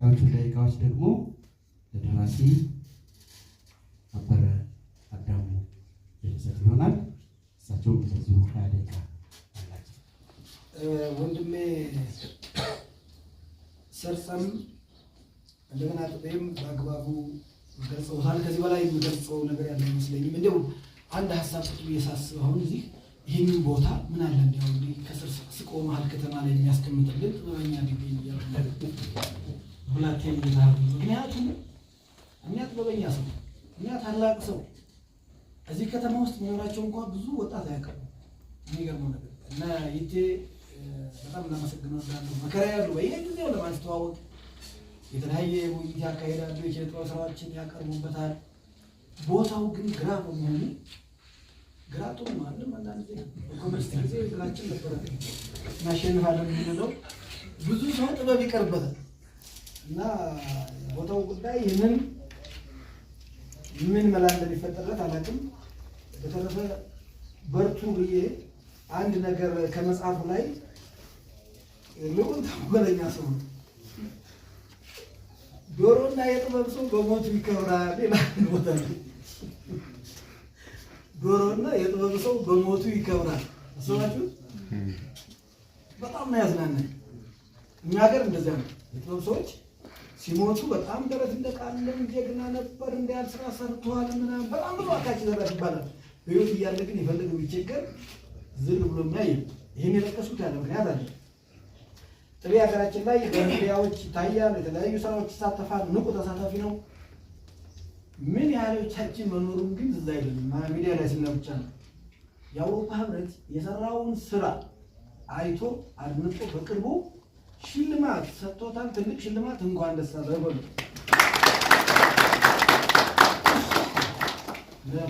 ቹ ደቂቃዎች ደግሞ ለደራሲ አበረ አዳሙ የሚሰጥ ይሆናል። እሳቸው እንደዚሁ ሀያ ደቂቃ አላቸው። ወንድሜ ሰርጸም እንደገና ጥቤም በአግባቡ ገልጸውታል። ከዚህ በላይ የሚገልጸው ነገር ያለ አይመስለኝም። እንዲያው አንድ ሀሳብ ጥሩ እየሳስብ አሁን እዚህ ይህንን ቦታ ምን አለ እንዲያው ከስር ስቆ መሀል ከተማ ላይ የሚያስቀምጥልን ጥበበኛ ግቢ እያለ ሁላት የሚዛሉ ምክንያቱም እኛ ጥበበኛ ሰው እኛ ታላቅ ሰው እዚህ ከተማ ውስጥ መኖራቸው እንኳን ብዙ ወጣት አያውቅም። የሚገርመው ነገር እና ይቴ በጣም ለማመስገን ወዳለሁ። መከራ ያሉ በየጊዜው ለማስተዋወቅ የተለያየ ውይይት ያካሄዳሉ፣ የኪነ ስራዎችን ያቀርቡበታል። ቦታው ግን ግራ በመሆኑ ግራ ጥሩ ማለም አንዳንድ ጊዜ በኮሚኒስት ጊዜ ግራችን ነበረ እናሸንፋለን የምንለው ብዙ ሰው ጥበብ ይቀርበታል እና ቦታው ጉዳይ ይህንን ምን መላ እንደሚፈጠረት አላውቅም። በተረፈ በርቱ ብዬ አንድ ነገር ከመጽሐፉ ላይ ልቁን ተንኮለኛ ሰው ነው። ዶሮና የጥበብ ሰው በሞቱ ይከብራል ይላል። ቦታ ዶሮና የጥበብ ሰው በሞቱ ይከብራል። አሰባችሁ? በጣም ነው ያዝናናኝ። እኛ ሀገር እንደዚያ ነው የጥበብ ሰዎች ሲሞቱ በጣም ደረት እንደቃለን ጀግና ነበር፣ እንዳያል ስራ ሰርተዋል ምናምን በጣም ብዙ አካች ዘራ ይባላል። ህይወት እያለ ግን የፈለገው ቢቸገር ዝር ብሎ የሚያይ ይህን የጠቀስኩት ያለ ምክንያት አለ። ጥሬ ሀገራችን ላይ በሚዲያዎች ይታያል፣ የተለያዩ ስራዎች ይሳተፋል፣ ንቁ ተሳታፊ ነው። ምን ያህሎቻችን መኖሩም ግን እዛ አይደለም፣ ሚዲያ ላይ ስና ብቻ ነው። የአውሮፓ ህብረት የሰራውን ስራ አይቶ አድምጦ በቅርቡ ሽልማት ሰጥቶታል። ትልቅ ሽልማት እንኳን ደስ አለህ በሉ።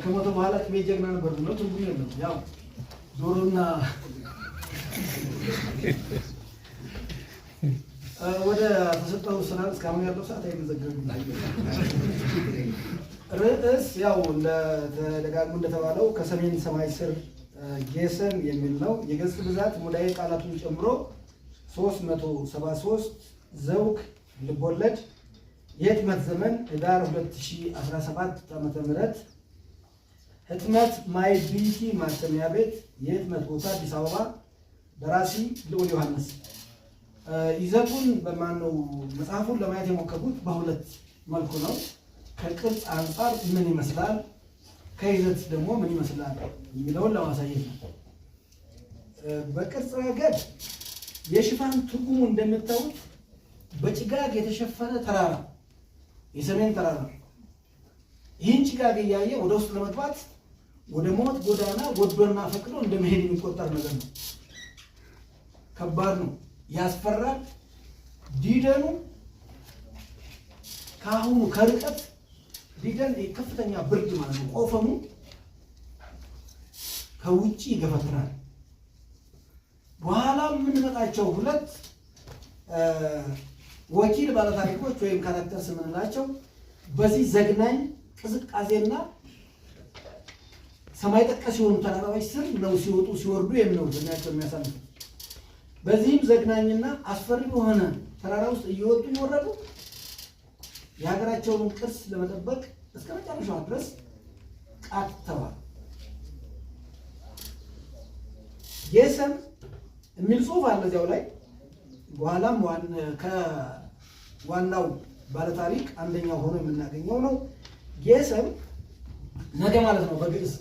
ከሞተ በኋላ ቅቤ ጀግና ነበር ብሎ ትርጉም የለም። ያው ዞሮና ወደ ተሰጠው ስራ እስካሁን ያለው ሰዓት አይመዘገብም። ርዕስ ያው እንደተደጋግሞ እንደተባለው ከሰሜን ሰማይ ስር ጌሰን የሚል ነው። የገጽ ብዛት ሙዳዬ ቃላቱን ጨምሮ 373 ዘውግ ልቦለድ የህትመት ዘመን ህዳር 2017 ዓ.ም ህትመት ማይ ቢቲ ማተሚያ ቤት የህትመት ቦታ አዲስ አበባ ደራሲ ልዑል ዮሐንስ ይዘቱን በማነው መጽሐፉን ለማየት የሞከርኩት በሁለት መልኩ ነው ከቅርጽ አንጻር ምን ይመስላል ከይዘት ደግሞ ምን ይመስላል የሚለውን ለማሳየት ነው በቅርጽ ረገድ የሽፋን ትርጉሙ እንደምታዩት በጭጋግ የተሸፈነ ተራራ የሰሜን ተራራ። ይህን ጭጋግ እያየ ወደ ውስጥ ለመግባት ወደ ሞት ጎዳና ወዶና ፈቅዶ እንደመሄድ የሚቆጠር ነገር ነው። ከባድ ነው፣ ያስፈራል። ዲደኑ ከአሁኑ ከርቀት ዲደን ከፍተኛ ብርድ ማለት ነው። ቆፈሙ ከውጭ ይገፈትራል። በኋላ የምንመጣቸው ሁለት ወኪል ባለታሪኮች ወይም ካራክተርስ የምንላቸው በዚህ ዘግናኝ ቅዝቃዜና ሰማይ ጠቀስ የሆኑ ተራራዎች ስር ነው ሲወጡ ሲወርዱ የሚለው ዝናቸው የሚያሳል በዚህም ዘግናኝና አስፈሪ በሆነ ተራራ ውስጥ እየወጡ እየወረዱ የሀገራቸውን ቅርስ ለመጠበቅ እስከ መጨረሻ ድረስ ቃተዋል። የሰም የሚል ጽሁፍ አለ እዚያው ላይ። በኋላም ከዋናው ባለታሪክ አንደኛው ሆኖ የምናገኘው ነው። ጌሰም ነገ ማለት ነው በግዕዝ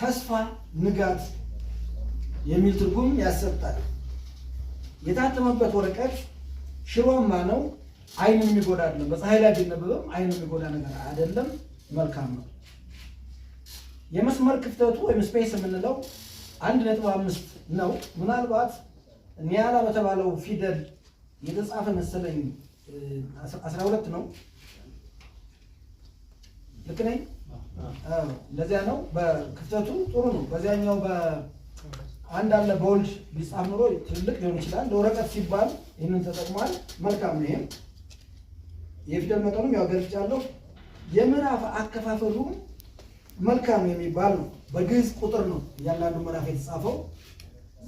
ተስፋ ንጋት የሚል ትርጉም ያሰጣል። የታተመበት ወረቀት ሽሮማ ነው። አይን የሚጎዳ አይደለም። በፀሐይ ላይ ቢነበብም አይን የሚጎዳ ነገር አይደለም። መልካም ነው። የመስመር ክፍተቱ ወይም ስፔስ የምንለው አንድ ነጥብ አምስት ነው። ምናልባት ኒያላ በተባለው ፊደል የተጻፈ መሰለኝ። አስራ ሁለት ነው። ልክ ነኝ? እንደዚያ ነው። በክፍተቱ ጥሩ ነው። በዚያኛው አንድ አለ በወልድ ቢጻፍ ኑሮ ትልቅ ሊሆን ይችላል። ለወረቀት ሲባል ይህንን ተጠቅሟል። መልካም ነው። ይሄም የፊደል መጠኑም ያው ገልጫለሁ። የምዕራፍ አከፋፈሉም መልካም የሚባል ነው። በግዕዝ ቁጥር ነው እያንዳንዱ ምዕራፍ የተጻፈው።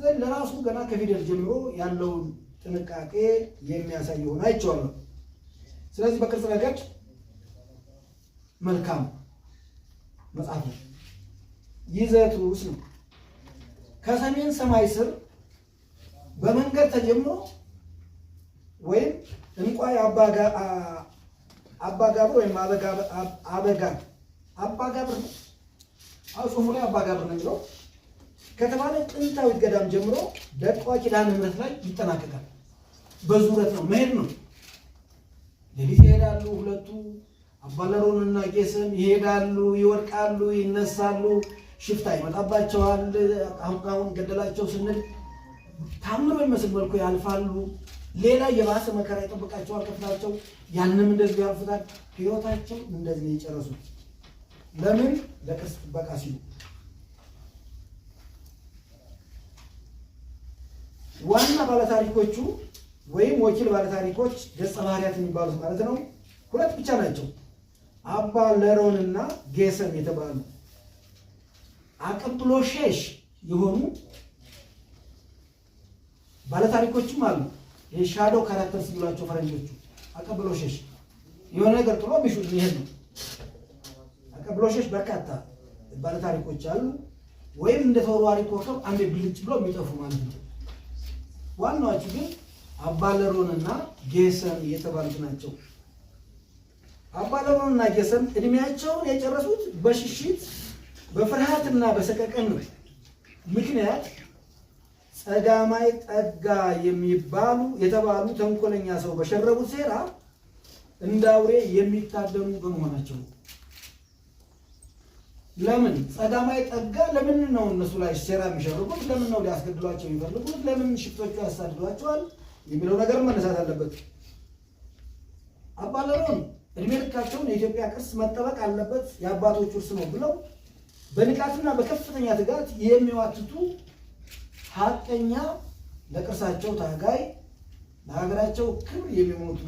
ዘንድ ለራሱ ገና ከፊደል ጀምሮ ያለውን ጥንቃቄ የሚያሳይ ሆነ አይቼዋለሁ። ስለዚህ በቅርጽ ረገድ መልካም መጽሐፍ ነው። ይዘቱ ውስጥ ነው። ከሰሜን ሰማይ ስር በመንገድ ተጀምሮ ወይም እንቋይ አባጋብር ወይም አበጋብር አባጋብር ነው። አጽሁፉ ላይ አባጋብር ነው የሚለው ከተባለ ጥንታዊ ገዳም ጀምሮ በቋ ኪዳነ ምሕረት ላይ ይጠናቀቃል። በዙረት ነው መሄድ ነው። ሌሊት ይሄዳሉ ሁለቱ አባለሮንና ቄስም ይሄዳሉ፣ ይወድቃሉ፣ ይነሳሉ። ሽፍታ ይመጣባቸዋል። አሁን ገደላቸው ስንል ታምር በሚመስል መልኩ ያልፋሉ። ሌላ የባሰ መከራ ይጠብቃቸዋል ከፍታቸው፣ ያንም እንደዚህ ያልፉታል። ህይወታቸው እንደዚህ የጨረሱት ለምን? ለቅርስ ጥበቃ ሲሉ ዋና ባለታሪኮቹ ወይም ወኪል ባለታሪኮች ገጸ ባህሪያት የሚባሉት ማለት ነው ሁለት ብቻ ናቸው። አባ ለሮን እና ጌሰም የተባሉ አቅብሎ ሼሽ የሆኑ ባለታሪኮችም አሉ። የሻዶ ካራክተር ሲሏቸው ፈረንጆቹ አቀብሎ ሸሽ የሆነ ነገር ጥሎ ቢሹ ይሄድ ነው። አቀብሎ ሸሽ በርካታ ባለታሪኮች አሉ። ወይም እንደ ተወርዋሪ ኮከብ አንድ ብልጭ ብሎ የሚጠፉ ማለት ነው። ዋናዎቹ ግን አባለሮንና ጌሰም የተባሉት ናቸው። አባለሮንና ጌሰም እድሜያቸውን የጨረሱት በሽሽት በፍርሃትና በሰቀቀን ነው። ምክንያት ጸዳማይ ጠጋ የሚባሉ የተባሉ ተንኮለኛ ሰው በሸረቡት ሴራ እንደ አውሬ የሚታደሙ በመሆናቸው ነው። ለምን ጸጋማዊ ጠጋ ለምን ነው እነሱ ላይ ሴራ የሚሸርጉት ለምን ነው ሊያስገድሏቸው የሚፈልጉት? ለምን ሽፍቶቹ ያሳድዷቸዋል የሚለው ነገር መነሳት አለበት። አባለሮን እድሜ ልካቸውን የኢትዮጵያ ቅርስ መጠበቅ አለበት የአባቶቹ እርስ ነው ብለው በንቃትና በከፍተኛ ትጋት የሚዋትቱ ሀቀኛ ለቅርሳቸው ታጋይ ለሀገራቸው ክብር የሚሞቱ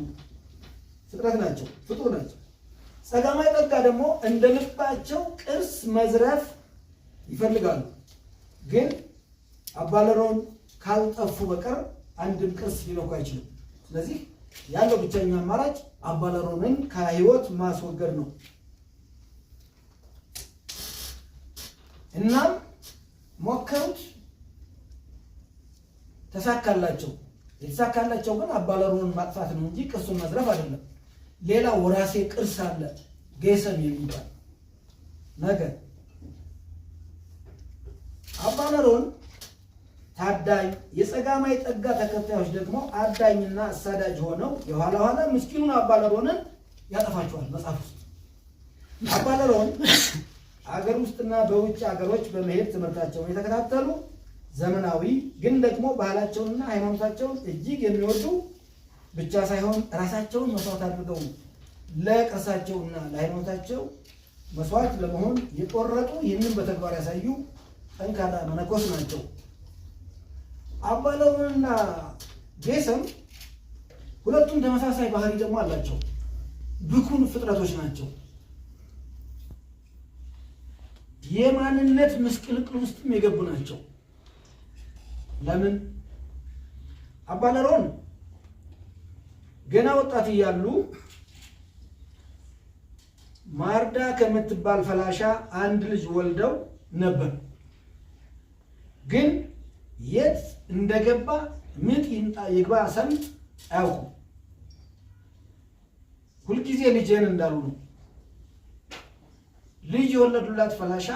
ፍጥረት ናቸው፣ ፍጡር ናቸው። ሰላማዊ ጠጋ ደግሞ እንደልባቸው ቅርስ መዝረፍ ይፈልጋሉ፣ ግን አባለሮን ካልጠፉ በቀር አንድም ቅርስ ሊነኩ አይችልም። ስለዚህ ያለው ብቸኛ አማራጭ አባለሮንን ከህይወት ማስወገድ ነው። እናም ሞከሩት፣ ተሳካላቸው። የተሳካላቸው ግን አባለሮንን ማጥፋት ነው እንጂ ቅርሱን መዝረፍ አይደለም። ሌላ ወራሴ ቅርስ አለ ጌሰም የሚባል ነገር አባነሮን ታዳኝ የጸጋማይ ጠጋ ተከታዮች ደግሞ አዳኝና አሳዳጅ ሆነው የኋላ ኋላ ምስኪኑን አባለሮንን ያጠፋቸዋል። መጽሐፍ ውስጥ አባለሮን አገር ውስጥና በውጭ አገሮች በመሄድ ትምህርታቸውን የተከታተሉ ዘመናዊ ግን ደግሞ ባህላቸውንና ሃይማኖታቸውን እጅግ የሚወዱ ብቻ ሳይሆን ራሳቸውን መስዋዕት አድርገው ለቅርሳቸውና ለሃይማኖታቸው መስዋዕት ለመሆን የቆረጡ ይህንን በተግባር ያሳዩ ጠንካራ መነኮስ ናቸው። አባለውንና ጌሰም ሁለቱም ተመሳሳይ ባህሪ ደግሞ አላቸው። ብኩን ፍጥረቶች ናቸው። የማንነት ምስቅልቅል ውስጥም የገቡ ናቸው። ለምን አባለሮን ገና ወጣት እያሉ ማርዳ ከምትባል ፈላሻ አንድ ልጅ ወልደው ነበር። ግን የት እንደገባ ምጥ ይምጣ ይግባ ሰምጥ አያውቁም። ሁልጊዜ ልጄን እንዳሉ ነው። ልጅ የወለዱላት ፈላሻ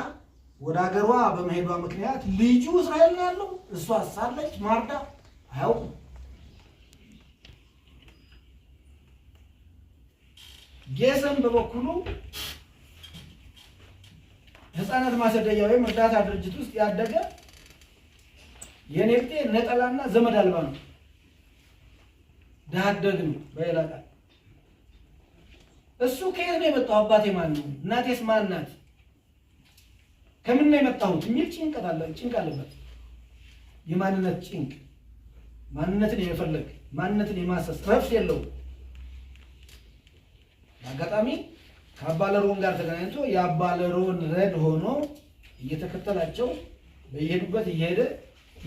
ወደ ሀገሯ በመሄዷ ምክንያት ልጁ እስራኤል ነው ያለው፣ እሷ ሳለች ማርዳ አያውቁም። ጌሰም በበኩሉ ህፃናት ማሰደያ ወይም እርዳታ ድርጅት ውስጥ ያደገ የኔብጤ ነጠላና ዘመድ አልባ ነው፣ ድሃ ነው። በሌላ ቃል እሱ ከየት ነው የመጣው? አባቴ ማን ነው? እናቴስ ማን ናት? ከምን ነው የመጣሁት? የሚል ጭንቀት አለ ጭንቅ አለበት። የማንነት ጭንቅ ማንነትን የመፈለግ ማንነትን የማሰስ ረፍት የለውም። አጋጣሚ ከአባለሮን ጋር ተገናኝቶ የአባለሮን ረድ ሆኖ እየተከተላቸው በየሄዱበት እየሄደ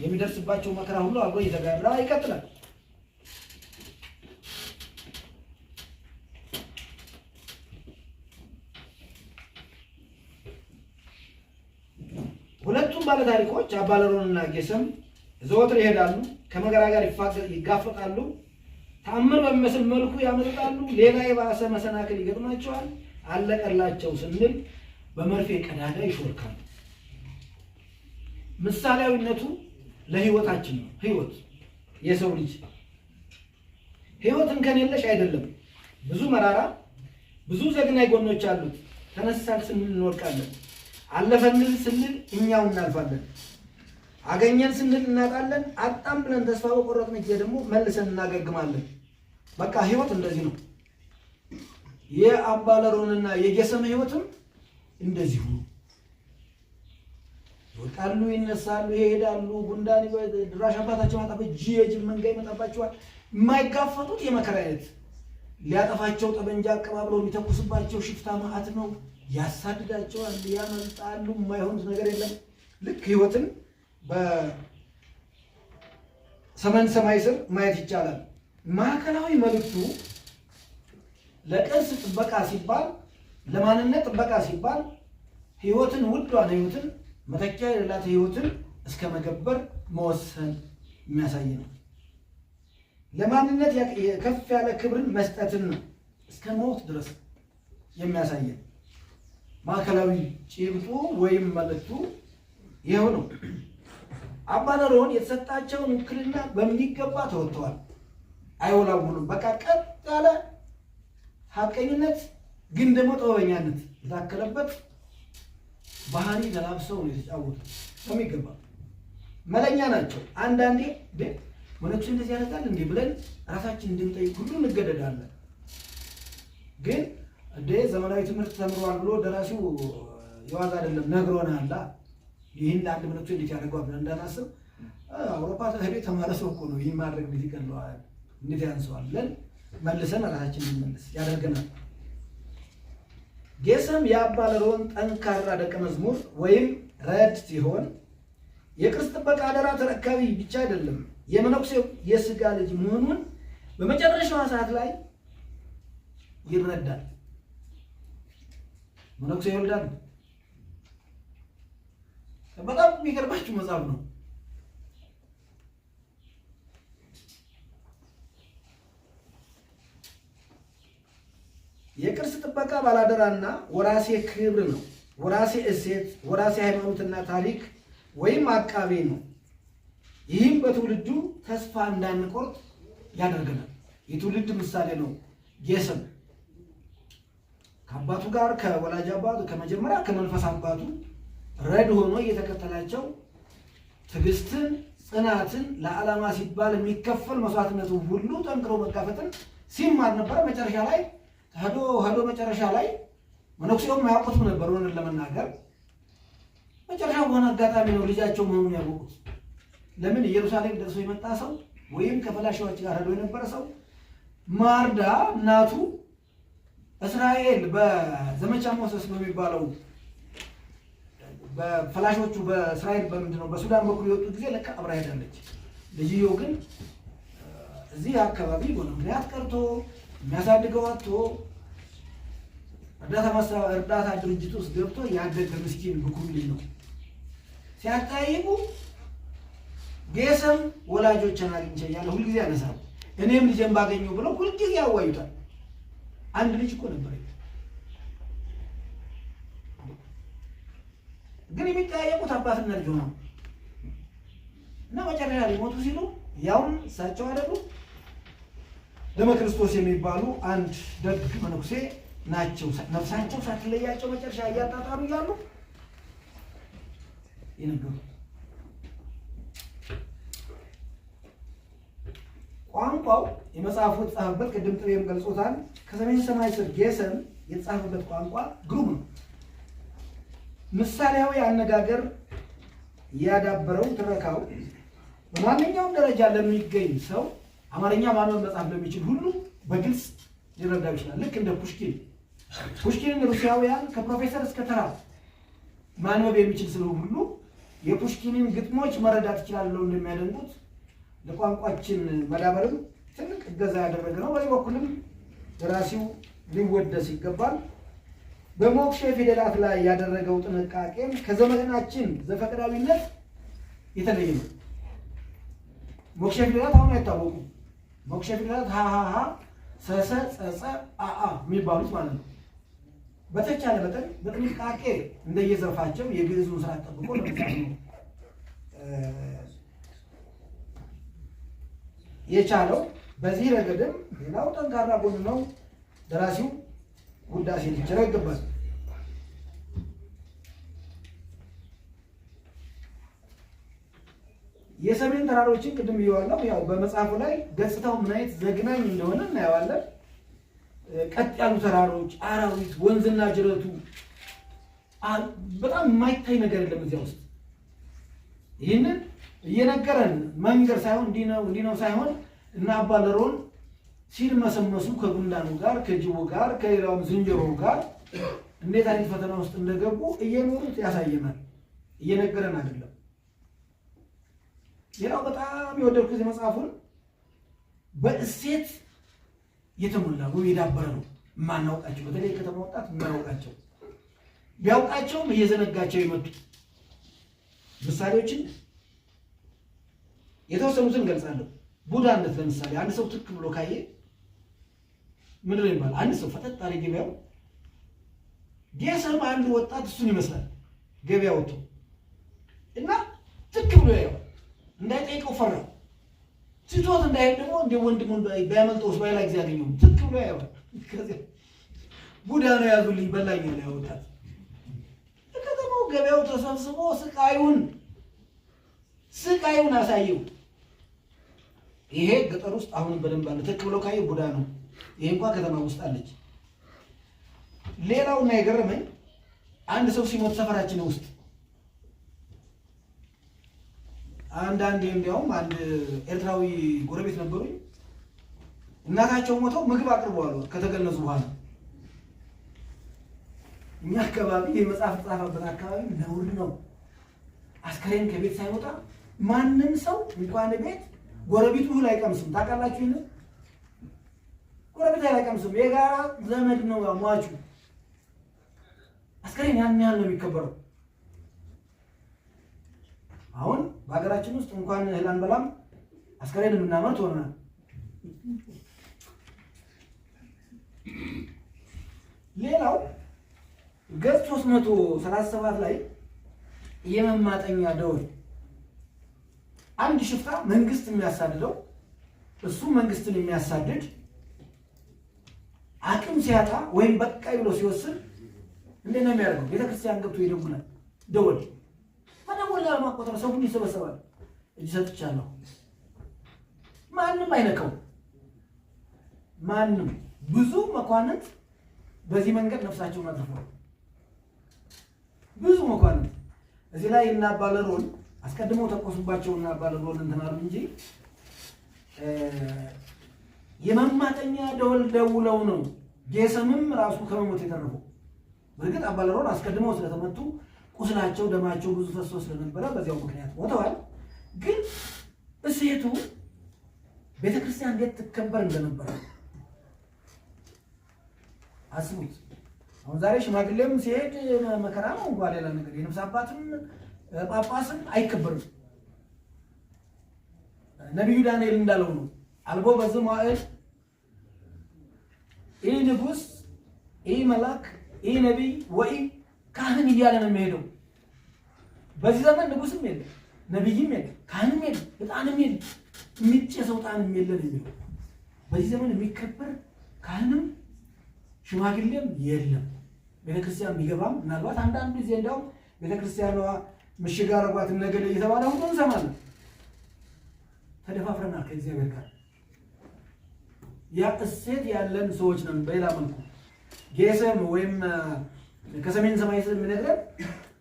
የሚደርስባቸው መከራ ሁሉ አብሮ እየተጋራ ይቀጥላል። ሁለቱም ባለታሪኮች እና ጌሰም ዘወትር ይሄዳሉ፣ ከመከራ ጋር ይጋፈጣሉ። ታምር በሚመስል መልኩ ያመልጣሉ። ሌላ የባሰ መሰናክል ይገጥማቸዋል። አለቀላቸው ስንል በመርፌ ቀዳዳ ይሾልካሉ። ምሳሌያዊነቱ ለህይወታችን ነው። ህይወት የሰው ልጅ ህይወት እንከን የለሽ አይደለም። ብዙ መራራ፣ ብዙ ዘግናይ ጎኖች አሉት። ተነሳን ስንል እንወድቃለን። አለፈንል ስንል እኛው እናልፋለን። አገኘን ስንል እናጣለን፣ አጣም ብለን ተስፋ በቆረጥን ጊዜ ደግሞ መልሰን እናገግማለን። በቃ ህይወት እንደዚህ ነው። የአባለሮንና የጌሰም ህይወትም እንደዚሁ ነው። ይወጣሉ፣ ይነሳሉ፣ ይሄዳሉ። ጉንዳን ድራሽ አባታቸው ማጣፈ የጅብ መንጋ ይመጣባቸዋል። የማይጋፈጡት የመከራ አይነት ሊያጠፋቸው ጠመንጃ አቀባብለው የሚተኩስባቸው ሽፍታ መዓት ነው። ያሳድዳቸዋል፣ ያመልጣሉ። የማይሆኑት ነገር የለም። ልክ ህይወትን በሰማን ሰማይ ስር ማየት ይቻላል። ማዕከላዊ መልዕክቱ ለቅርስ ጥበቃ ሲባል፣ ለማንነት ጥበቃ ሲባል ህይወትን ውዷን ህይወትን መተኪያ የሌላት ህይወትን እስከ መገበር መወሰን የሚያሳይ ነው። ለማንነት ከፍ ያለ ክብርን መስጠትን ነው እስከ ሞት ድረስ የሚያሳየን ማዕከላዊ ጭብጡ ወይም መልዕክቱ ይኸው ነው። አባረሮን የተሰጣቸውን ውክልና በሚገባ ተወጥተዋል። አይወላውሉም። በቃ ቀጥ ያለ ሀቀኝነት ግን ደግሞ ጥበበኛነት የታከለበት ባህሪ ለላብሰው ነው የተጫወቱ በሚገባ መለኛ ናቸው። አንዳንዴ ወነቱ እንደዚህ ያደርጋል እንዲህ ብለን ራሳችን እንድንጠይቅ ሁሉ እንገደዳለን። ግን እንደ ዘመናዊ ትምህርት ተምሯል ብሎ ደራሲው የዋዛ አይደለም ነግሮናል። ይህን ለአንድ ምልክቱ እንዴት ያደርገዋል ብለን እንዳናስብ አውሮፓ ተሄዶ የተማረ ሰው እኮ ነው ይህን ማድረግ እንዴት ይቀለዋል፣ እንዴት ያንሰዋል ብለን መልሰን ራሳችን እንመልስ ያደርገናል። ጌሰም የአባ ለሮን ጠንካራ ደቀ መዝሙር ወይም ረድ ሲሆን የቅርስ ጥበቃ አደራ ተረካቢ ብቻ አይደለም፣ የመነኩሴው የስጋ ልጅ መሆኑን በመጨረሻዋ ሰዓት ላይ ይረዳል። መነኩሴ ይወልዳል። በጣም የሚገርማችሁ መጽሐፍ ነው። የቅርስ ጥበቃ ባላደራና ወራሴ ክብር ነው። ወራሴ እሴት፣ ወራሴ ሃይማኖትና ታሪክ ወይም አቃቤ ነው። ይህም በትውልዱ ተስፋ እንዳንቆርጥ ያደርገናል። የትውልድ ምሳሌ ነው። የስም ከአባቱ ጋር ከወላጅ አባቱ ከመጀመሪያ ከመንፈስ አባቱ ረድ ሆኖ እየተከተላቸው ትዕግስትን፣ ጽናትን ለዓላማ ሲባል የሚከፈል መስዋዕትነትን ሁሉ ጠንክሮ መጋፈጥን ሲማር ነበረ። መጨረሻ ላይ ሄዶ ሄዶ መጨረሻ ላይ መነኩሴውም አያውቁትም ነበር ሆነን ለመናገር መጨረሻ በሆነ አጋጣሚ ነው ልጃቸው መሆኑን ያወቁት። ለምን ኢየሩሳሌም ደርሶ የመጣ ሰው ወይም ከፈላሻዎች ጋር ሄዶ የነበረ ሰው ማርዳ እናቱ እስራኤል በዘመቻ ሞሰስ በሚባለው በፈላሾቹ በእስራኤል በምንድን ነው በሱዳን በኩል የወጡ ጊዜ ለካ አብራ ሄዳለች። ልጅየው ግን እዚህ አካባቢ ሆነ ምክንያት ቀርቶ የሚያሳድገው አቶ እርዳታ ድርጅት ውስጥ ገብቶ ያደገ ምስኪን ብኩል ልጅ ነው። ሲያጠያይቁ ጌሰም ወላጆችን አግኝቼ እያለ ሁልጊዜ ያነሳል። እኔም ልጄን ባገኘው ብለው ሁልጊዜ ያዋዩታል። አንድ ልጅ እኮ ነበረኝ ግን የሚጠያየቁት አባትና ልጅ ሆነው እና መጨረሻ ሊሞቱ ሲሉ ያውም እሳቸው አይደሉ ደመ ክርስቶስ የሚባሉ አንድ ደግ መነኩሴ ናቸው። ነፍሳቸው ሳትለያቸው መጨረሻ እያጣጣሩ እያሉ ይነገሩ ቋንቋው የመጽሐፉ የተጻፈበት ቅድም ጥሬም ገልጾታል። ከሰሜን ሰማይ ስር ጌሰን የተጻፈበት ቋንቋ ግሩም ነው። ምሳሌያዊ አነጋገር ያዳበረው ትረካው በማንኛውም ደረጃ ለሚገኝ ሰው አማርኛ ማንበብ መጻፍ ለሚችል ሁሉ በግልጽ ሊረዳው ይችላል። ልክ እንደ ፑሽኪን ፑሽኪንን ሩሲያውያን ከፕሮፌሰር እስከ ተራ ማንበብ የሚችል ስለ ሁሉ የፑሽኪንን ግጥሞች መረዳት ይችላል እንደሚያደንቁት ለቋንቋችን መዳበርም ትልቅ እገዛ ያደረገ ነው። በዚህ በኩልም ደራሲው ሊወደስ ይገባል። በሞክሼ ፊደላት ላይ ያደረገው ጥንቃቄም ከዘመናችን ዘፈቀዳዊነት የተለየ ነው። ሞክሼ ፊደላት አሁን አይታወቁም። ሞክሼ ፊደላት ሀሀሀ ሰሰ ጸጸ አአ የሚባሉት ማለት ነው። በተቻለ መጠን በጥንቃቄ እንደየዘርፋቸው የግዕዙን ስራ ጠብቆ ለምሳሌ የቻለው በዚህ ረገድም ሌላው ጠንካራ ጎን ነው ደራሲው ውዳሴ ሊችል ይገባል። የሰሜን ተራሮችን ቅድም ይዋለው ያው በመጽሐፉ ላይ ገጽታው ምን አይነት ዘግናኝ እንደሆነ እናየዋለን። ቀጥ ያሉ ተራሮች፣ አራዊት፣ ወንዝና ጅረቱ በጣም የማይታይ ነገር የለም እዚያ ውስጥ። ይህንን እየነገረን መንገድ ሳይሆን እንዲህ ነው እንዲህ ነው ሳይሆን እና አባለሮን ሲል መሰመሱ ከጉንዳኑ ጋር ከጅቡ ጋር ከሌላውም ዝንጀሮ ጋር እንዴት አይነት ፈተና ውስጥ እንደገቡ እየኖሩት ያሳየናል። እየነገረን አይደለም። ሌላው በጣም የወደድኩት መጽሐፉን በእሴት የተሞላ ወይ የዳበረ ነው። የማናውቃቸው በተለይ ከተማ ወጣት የማናውቃቸው ቢያውቃቸውም እየዘነጋቸው የመጡ ምሳሌዎችን የተወሰኑትን ገልጻለሁ። ቡዳነት ለምሳሌ አንድ ሰው ትክ ብሎ ካየ ምንድን ይባል አንድ ሰው ፈጠጥ አለ ገበያው ጌሰም አንድ ወጣት እሱን ይመስላል ገበያ ወጥቶ እና ትክ ብሎ ያየው እንዳይጠይቀው ፈራ። ትቶት እንዳይሄድ ደግሞ እንደ ወንድሙ ባያመልጠውስ ባይላ ጊዜ ያገኘው ትክ ብሎ ያየው። ቡዳ ነው ያዙልኝ በላኝ ያለ ወጣት ከተማው ገበያው ተሰብስቦ ስቃዩን ስቃዩን አሳየው። ይሄ ገጠር ውስጥ አሁንም በደንብ አለ። ትክ ብሎ ካየው ቡዳ ነው። ይሄ እንኳን ከተማ ውስጥ አለች። ሌላው እና የገረመኝ አንድ ሰው ሲሞት ሰፈራችን ውስጥ አንዳንድ እንዲያውም አንድ ኤርትራዊ ጎረቤት ነበሩኝ። እናታቸው ሞተው ምግብ አቅርበዋል ከተገለዙ በኋላ እኛ አካባቢ የመጽሐፍ ተጻፈበት አካባቢ ነውር ነው። አስከሬን ከቤት ሳይወጣ ማንም ሰው እንኳን ቤት ጎረቤቱ ላይ ቀምስም ታውቃላችሁ። ጎረቤት አይቀምስም። የጋራ ዘመድ ነው ሟቹ። አስከሬን ያን ያህል ነው የሚከበረው። አሁን በሀገራችን ውስጥ እንኳን እህል አንበላም፣ አስከሬን የምናመርት ሆነናል። ሌላው ገጽ ሶስት ላይ የመማጠኛ ደወል አንድ ሽፍታ መንግስት የሚያሳድደው እሱ መንግስትን የሚያሳድድ አቅም ሲያጣ ወይም በቃይ ብሎ ሲወስን እንዴት ነው የሚያደርገው? ቤተክርስቲያን ገብቶ ይደውላል። ደወል ተደወለ ማቆጠር ሰው ሁሉ ይሰበሰባል። እጅ ሰጥቻለሁ። ማንም አይነቀው። ማንም ብዙ መኳንንት በዚህ መንገድ ነፍሳቸውን አትርፈዋል። ብዙ መኳንንት እዚህ ላይ እና ባለሮን አስቀድመው ተቆሱባቸው እና ባለሮን እንጂ የማማጠኛ ደወል ደውለው ነው ጌሰምም ራሱ ከመሞት የተረፈው። በእርግጥ አባለሮን አስቀድመው ስለተመቱ ቁስላቸው፣ ደማቸው ብዙ ፈሶ ስለነበረ በዚያው ምክንያት ሞተዋል። ግን እሴቱ ቤተክርስቲያን እንዴት ትከበር እንደነበረ አስቡት። አሁን ዛሬ ሽማግሌም ሲሄድ መከራ ነው እንኳ ሌላ ነገር የነፍስ አባትም ጳጳስም አይከበርም። ነቢዩ ዳንኤል እንዳለው ነው አልቦ በዝ ይህ ንጉስ ይህ መላክ ይህ ነቢይ ወይ ካህን እያለ ነው የሚሄደው። በዚህ ዘመን ንጉስም የለም፣ ነቢይም የለም፣ ካህንም የለ ዕጣንም የለም፣ የሚጨሰው ዕጣንም የለም የሚለው በዚህ ዘመን የሚከበር ካህንም ሽማግሌም የለም። ቤተክርስቲያን ቢገባም ምናልባት አንዳንድ ጊዜ እንዲያውም ቤተክርስቲያኗ ምሽግ አረጓትን ነገር እየተባለ ሁሉ እንሰማለን። ተደፋፍረናል ከእግዚአብሔር ጋር ያ እሴት ያለን ሰዎች ነን። በሌላ መልኩ ጌሰም ወይም ከሰሜን ሰማይ የሚነግረን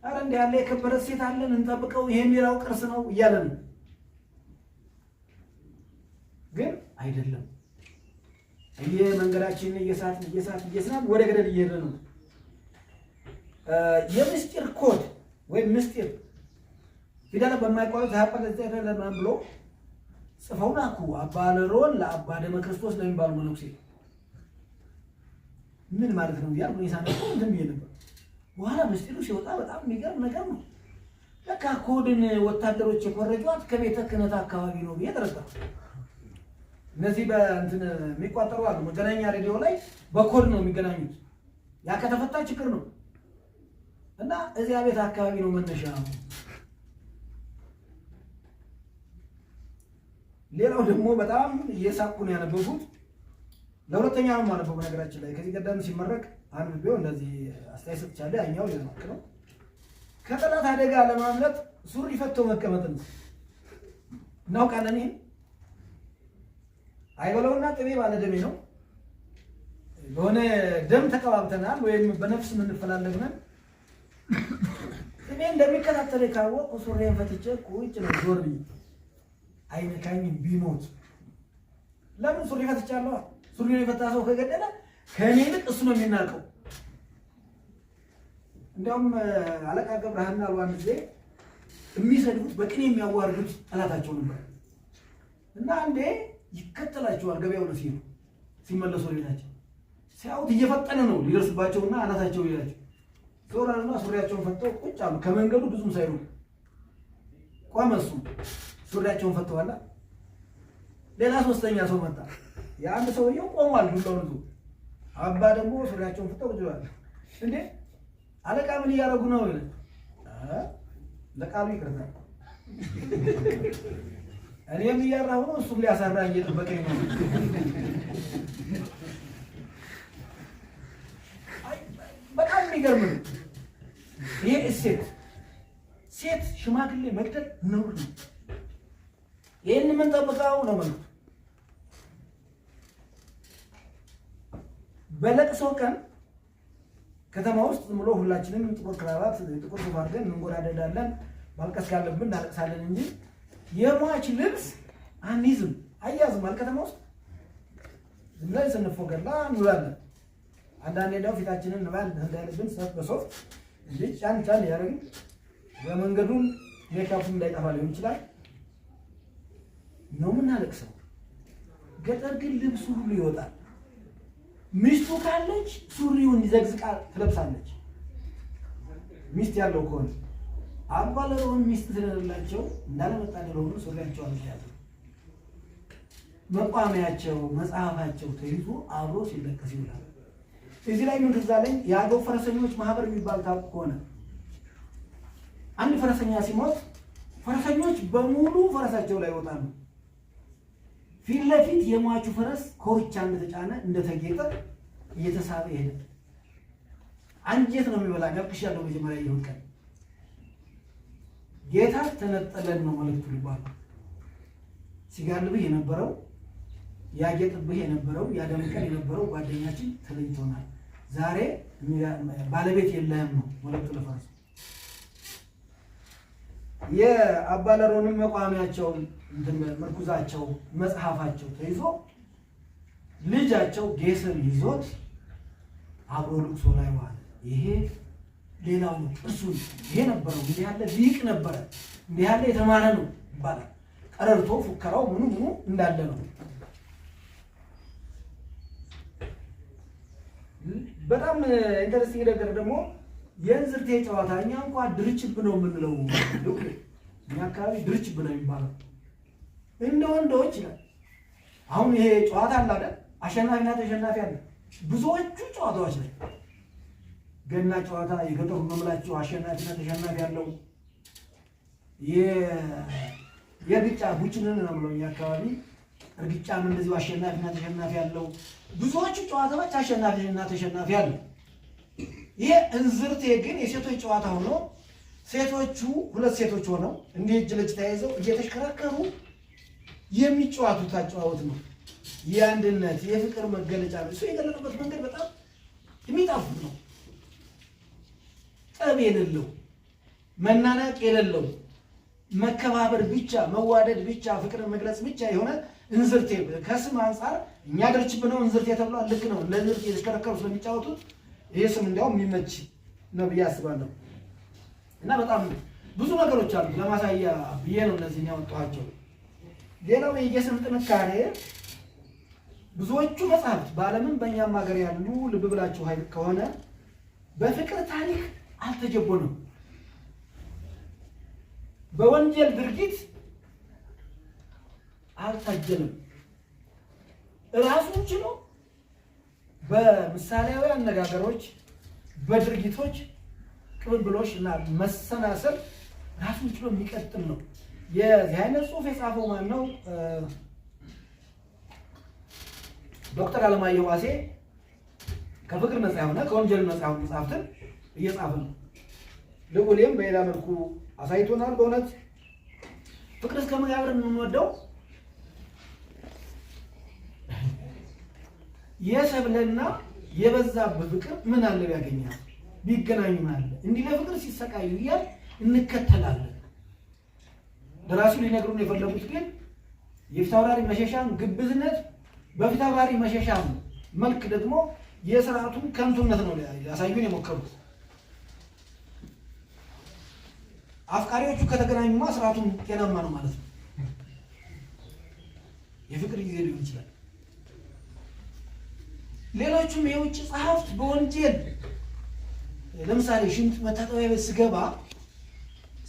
አረ እንዲህ ያለ የከበረ እሴት አለን፣ እንጠብቀው፣ ይሄ የሚራው ቅርስ ነው እያለ ግን አይደለም። እየ መንገዳችን እየሳት እየሳት እየሳት ወደ ገደል እየሄደ ነው። የምስጢር ኮድ ወይም ምስጢር ፊደል በማይቋረጥ ተሀቀለ ዘለ ብሎ ጽፈው ላኩ። አባ ለሮን ለአባ ደመ ክርስቶስ ለሚባሉ መነኩሴ ምን ማለት ነው እያልኩ ሁኔታ ነ እንትን ብዬ ነበር። በኋላ ምስጢሩ ሲወጣ በጣም የሚገርም ነገር ነው። ለካ ኮድን ወታደሮች የኮረጇት ከቤተ ክህነት አካባቢ ነው ብዬ ተረዳ። እነዚህ በእንትን የሚቋጠሩ አሉ። መገናኛ ሬዲዮ ላይ በኮድ ነው የሚገናኙት። ያ ከተፈታ ችግር ነው እና እዚያ ቤት አካባቢ ነው መነሻ ሌላው ደግሞ በጣም እየሳቁን ያነበቡት። ለሁለተኛ ነው ማለት በነገራችን ላይ ከዚህ ቀደም ሲመረቅ አንዱ ቢሆን እንደዚህ አስተያየት ሰጥቻለሁ። ያኛው የማክ ነው። ከጠላት አደጋ ለማምለጥ ሱሪ ፈቶ መቀመጥ ነው። እናውቃለን። ይህን አይበለውና ቅቤ ባለደሜ ነው። በሆነ ደም ተቀባብተናል ወይም በነፍስ የምንፈላለግ ነን። ቅቤ እንደሚከታተል ካወቁ ሱሪን ፈትቼ ቁጭ ነው ዞር ብዬ አይነካኝም ቢሞት ለምን ሱሪ ፈትቻለሁ። ሱሪውን የፈታ ሰው ከገደለ ከኔ ይልቅ እሱ ነው የሚናቀው። እንዲያውም አለቃ ገብረሃና አሉ አንድ ጊዜ የሚሰድቡት በቅኔ የሚያዋርዱት ጠላታቸው ነበር እና አንዴ ይከተላቸዋል። ገበያው ነው ሲሉ ሲመለሱ ወደቤታቸው ሲያዩት እየፈጠነ ነው ሊደርስባቸውና አናታቸው ይላቸው ዞራንና ሱሪያቸውን ፈተው ቁጭ አሉ። ከመንገዱ ብዙም ሳይሉ ቆመ ሱሪያቸውን ፈተዋላ። ሌላ ሶስተኛ ሰው መጣ። የአንድ ሰውየው ቆሟል፣ ዱላውን ይዞ አባ ደግሞ ሱሪያቸውን ፈተው ይዟል። እንዴ አለቃ ምን እያደረጉ ነው? ይላል። ለቃሉ ይቅርታ፣ እኔም እያራሁ ነው፣ እሱም ሊያሰራ እየጠበቀኝ ነው። በጣም የሚገርም ነው ይሄ እሴት። ሴት ሽማግሌ መግደል ነውር ነው። ይህን ምን ጠብቀው ነው? ምን በለቅሶ ቀን ከተማ ውስጥ ዝም ብሎ ሁላችንም ጥቁር ክራባት፣ ጥቁር ሱፍ አድርገን እንጎዳደዳለን። ማልቀስ ካለብን እናለቅሳለን እንጂ የሟች ልብስ አንይዝም፣ አያዝም። ከተማ ውስጥ ዝም ብለን ስንፎገላ እንውላለን። አንዳንዴ ደግሞ ፊታችንን ንባል እንዳይልብን ሰት በሶፍት ልጅ ጫን ጫን ያደረግን በመንገዱን ሜካፕ እንዳይጠፋ ሊሆን ይችላል ነው የምናለቅሰው። ገጠር ግን ልብሱ ሁሉ ይወጣል። ሚስቱ ካለች ሱሪውን ይዘግዝቃ ትለብሳለች። ሚስት ያለው ከሆነ አባለሮን ሚስት ስለሌላቸው እንዳለመጣደል ሆኖ ሱሪያቸው አለያለ መቋሚያቸው መጽሐፋቸው ተይዞ አብሮ ሲለቀስ ይውላል። እዚህ ላይ ምን ትዝ አለኝ፣ የአገው ፈረሰኞች ማህበር የሚባል ታውቁ ከሆነ አንድ ፈረሰኛ ሲሞት ፈረሰኞች በሙሉ ፈረሳቸው ላይ ይወጣሉ። ፊት ለፊት የሟቹ ፈረስ ኮርቻ እንደተጫነ እንደተጌጠ እየተሳበ ይሄደ። አንጀት ነው የሚበላ ጋብሽ ያለው መጀመሪያ ይሁን ቀን ጌታ ተነጠለን ነው መልእክቱ ሊባሉ ሲጋልብህ የነበረው ያጌጥብህ የነበረው ያደምቀን የነበረው ጓደኛችን ተለይቶናል። ዛሬ ባለቤት የለህም ነው መልእክቱ ለፈረሱ። የአባለሮንም መቋሚያቸው ምርኩዛቸው መጽሐፋቸው ተይዞ ልጃቸው ጌስን ይዞት አብሮ ልቅሶ ላይ ዋለ። ይሄ ሌላው ነው። እሱ ይሄ ነበረው። እንዲህ ያለ ሊቅ ነበረ፣ እንዲህ ያለ የተማረ ነው ይባላል። ቀረርቶ ፉከራው ምኑ ምኑ እንዳለ ነው። በጣም ኢንተረስቲንግ ነገር ደግሞ የእንዝርቴ ጨዋታ እኛ እንኳን ድርችብ ነው የምንለው። እኛ አካባቢ ድርችብ ነው የሚባለው። እንደ ወንዶች አሁን ይሄ ጨዋታ አለ አይደል? አሸናፊና ተሸናፊ አለ። ብዙዎቹ ጨዋታዎች ላይ ገና ጨዋታ የገጠሩ መምላቸው አሸናፊና ተሸናፊ ያለው የእርግጫ ቡችንን ነው የምለው እኛ አካባቢ እርግጫም እንደዚሁ አሸናፊና ተሸናፊ ያለው ብዙዎቹ ጨዋታዎች አሸናፊና ተሸናፊ አለው። ይህ እንዝርቴ ግን የሴቶች ጨዋታ ሆኖ ሴቶቹ ሁለት ሴቶች ሆነው እንዲህ እጅ ለእጅ ተያይዘው እየተሽከረከሩ የሚጫዋቱት አጨዋወት ነው። የአንድነት የፍቅር መገለጫ ነው። እሱ የገለጡበት መንገድ በጣም የሚጣፉ ነው። ጠብ የሌለው መናናቅ የሌለው መከባበር ብቻ መዋደድ ብቻ ፍቅር መግለጽ ብቻ የሆነ እንዝርቴ ከስም አንጻር እኛ ነው። እንዝርቴ ተብሏል። ልክ ነው። ለእንዝርቴ የተሽከረከሩ ስለሚጫወቱት ይህ ስም እንዲያውም የሚመች ነው ብዬ አስባለሁ። እና በጣም ብዙ ነገሮች አሉ ለማሳያ ብዬ ነው እነዚህ ያወጣኋቸው። ሌላው የየስም ጥንካሬ ብዙዎቹ መጽሐፍት በዓለምም በእኛም ሀገር ያሉ ልብ ብላችሁ ኃይል ከሆነ በፍቅር ታሪክ አልተጀቦንም። በወንጀል ድርጊት አልታጀንም። ራሱን ችሎ በምሳሌያዊ አነጋገሮች፣ በድርጊቶች ቅብብሎች እና መሰናሰል ራሱን ችሎ የሚቀጥል ነው። የዚህ አይነት ጽሁፍ የጻፈው ማን ነው? ዶክተር አለማየሁ ዋሴ ከፍቅር ነፃ የሆነ ከወንጀል ነፃ የሆነ መጽሐፍትን እየጻፈ ነው። ልቡሌም በሌላ መልኩ አሳይቶናል። በእውነት ፍቅር እስከ መቃብር የምንወደው የሰብለና የበዛብህ ፍቅር ምን አለ ያገኛል ቢገናኙ አለ እንዲህ ለፍቅር ሲሰቃዩ እያል እንከተላለን። ደራሲው ሊነግሩን የፈለጉት ግን የፊታውራሪ መሸሻን ግብዝነት በፊታውራሪ መሸሻን መልክ ደግሞ የስርዓቱን ከንቱነት ነው ያሳዩን የሞከሩት። አፍቃሪዎቹ ከተገናኙማ ስርዓቱን ጤናማ ነው ማለት ነው። የፍቅር ጊዜ ሊሆን ይችላል። ሌሎቹም የውጭ ጸሐፍት በወንጀል ለምሳሌ ሽንት መታጠቢያ ቤት ስገባ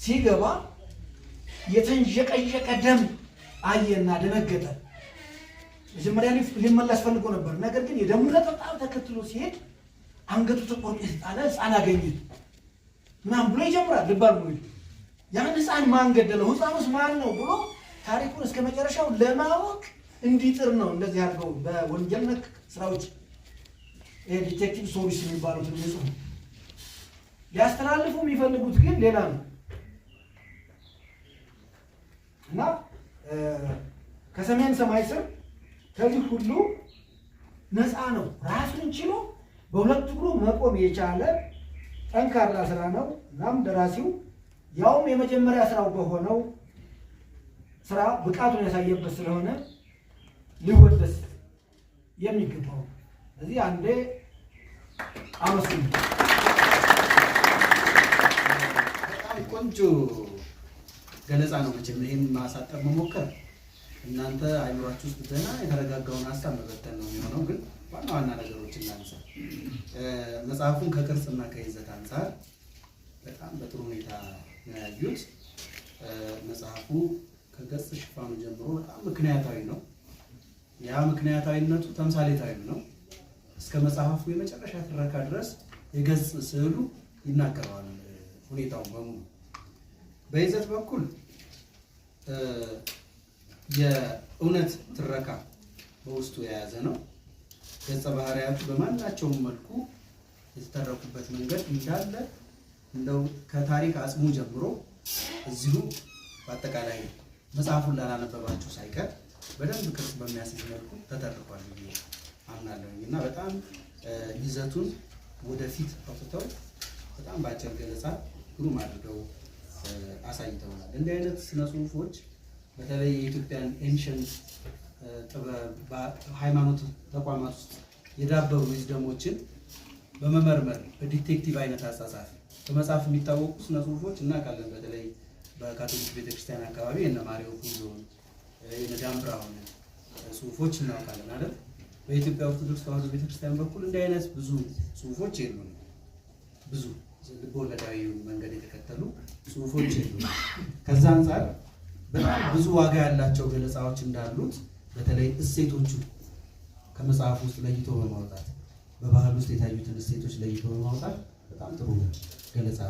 ሲገባ የተንዠቀዠቀ ደም አየና ደነገጠ። መጀመሪያ ሊመለስ ፈልጎ ነበር። ነገር ግን የደሙ ነጠብጣብ ተከትሎ ሲሄድ አንገቱ ተቆርጦ የተጣለ ህፃን አገኘ ምናምን ብሎ ይጀምራል። ልባል ብሎ ያን ህፃን ማን ገደለው? ሕፃኑስ ማን ነው ብሎ ታሪኩን እስከ መጨረሻው ለማወቅ እንዲጥር ነው። እንደዚህ አድርገው በወንጀል ነክ ስራዎች ዲቴክቲቭ ሶሉሽን የሚባሉትን የጽሁፍ ሊያስተላልፉ የሚፈልጉት ግን ሌላ ነው እና ከሰሜን ሰማይ ስር ከዚህ ሁሉ ነፃ ነው። ራሱን ችሎ በሁለት እግሩ መቆም የቻለ ጠንካራ ስራ ነው። እናም ደራሲው ያውም የመጀመሪያ ስራው በሆነው ስራ ብቃቱን ያሳየበት ስለሆነ ሊወደስ የሚገባው እዚህ አንዴ አመስግኑ። ቆንጆ ገለጻ ነው። መቼም ይህን ማሳጠር መሞከር እናንተ አይምሯችሁ ውስጥ ገና የተረጋጋውን ሀሳብ መበተን ነው የሚሆነው። ግን ዋና ዋና ነገሮች እናንሳ። መጽሐፉን ከቅርጽና ከይዘት አንጻር በጣም በጥሩ ሁኔታ ነው ያዩት። መጽሐፉ ከገጽ ሽፋኑ ጀምሮ በጣም ምክንያታዊ ነው። ያ ምክንያታዊነቱ ተምሳሌታዊም ነው። እስከ መጽሐፉ የመጨረሻ ትረካ ድረስ የገጽ ስዕሉ ይናገረዋል ሁኔታውን በሙሉ። በይዘት በኩል የእውነት ትረካ በውስጡ የያዘ ነው። ገጸ ባህሪያቱ በማናቸውም መልኩ የተተረኩበት መንገድ እንዳለ እንደው ከታሪክ አጽሙ ጀምሮ እዚሁ በአጠቃላይ መጽሐፉን ላላነበባቸው ሳይቀር በደንብ ቅርጽ በሚያስይዝ መልኩ ተተርኳል ብዬ አምናለሁኝ እና በጣም ይዘቱን ወደፊት አውጥተው በጣም በአጭር ገለጻ ግሩም አድርገው አሳይተውናል። እንዲህ አይነት ስነ ጽሁፎች በተለይ የኢትዮጵያን ኤንሸንት ሃይማኖት ተቋማት ውስጥ የዳበሩ ዊዝደሞችን በመመርመር በዲቴክቲቭ አይነት አጻጻፍ በመጽሐፍ የሚታወቁ ስነ ጽሁፎች እናውቃለን። በተለይ በካቶሊክ ቤተክርስቲያን አካባቢ የነ ማሪዮ ኩንዞን የነ ዳን ብራውን ጽሁፎች እናውቃለን አይደል? በኢትዮጵያ ኦርቶዶክስ ተዋህዶ ቤተክርስቲያን በኩል እንዲህ አይነት ብዙ ጽሁፎች የሉም። ብዙ ልቦለዳዊ መንገድ የተከተሉ ጽሁፎች የሉም። ከዛ አንጻር በጣም ብዙ ዋጋ ያላቸው ገለጻዎች እንዳሉት በተለይ እሴቶቹ ከመጽሐፍ ውስጥ ለይቶ በማውጣት በባህል ውስጥ የታዩትን እሴቶች ለይቶ በማውጣት በጣም ጥሩ ገለጻ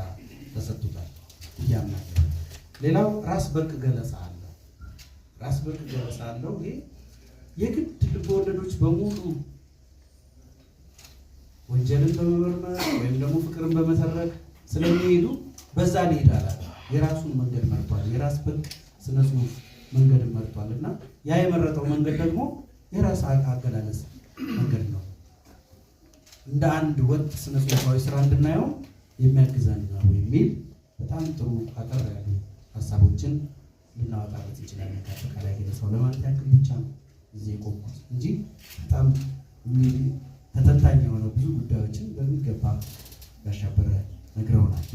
ተሰጥቶታል እያምናለ ሌላው ራስ በርቅ ገለጻ አለው። ራስ በርቅ ገለጻ አለው ይሄ የግድ ልብ ወለዶች በሙሉ ወንጀልን በመመርመር ወይም ደግሞ ፍቅርን በመተረክ ስለሚሄዱ በዛ ሊሄድ የራሱን መንገድ መርቷል የራስ ብልቅ ስነሱ መንገድ መርቷል እና ያ የመረጠው መንገድ ደግሞ የራስ አገላለጽ መንገድ ነው። እንደ አንድ ወጥ ስነ ጽሁፋዊ ስራ እንድናየው የሚያግዘን ነው የሚል በጣም ጥሩ አጠር ያሉ ሀሳቦችን ልናወጣበት እንችላለን። ከአጠቃላይ ሰው ለማለት ያክል ብቻ ነው። እዚህ የቆምኩት እንጂ በጣም ተተንታኝ የሆነ ብዙ ጉዳዮችን በሚገባ ያሻበረ ነግረውናል።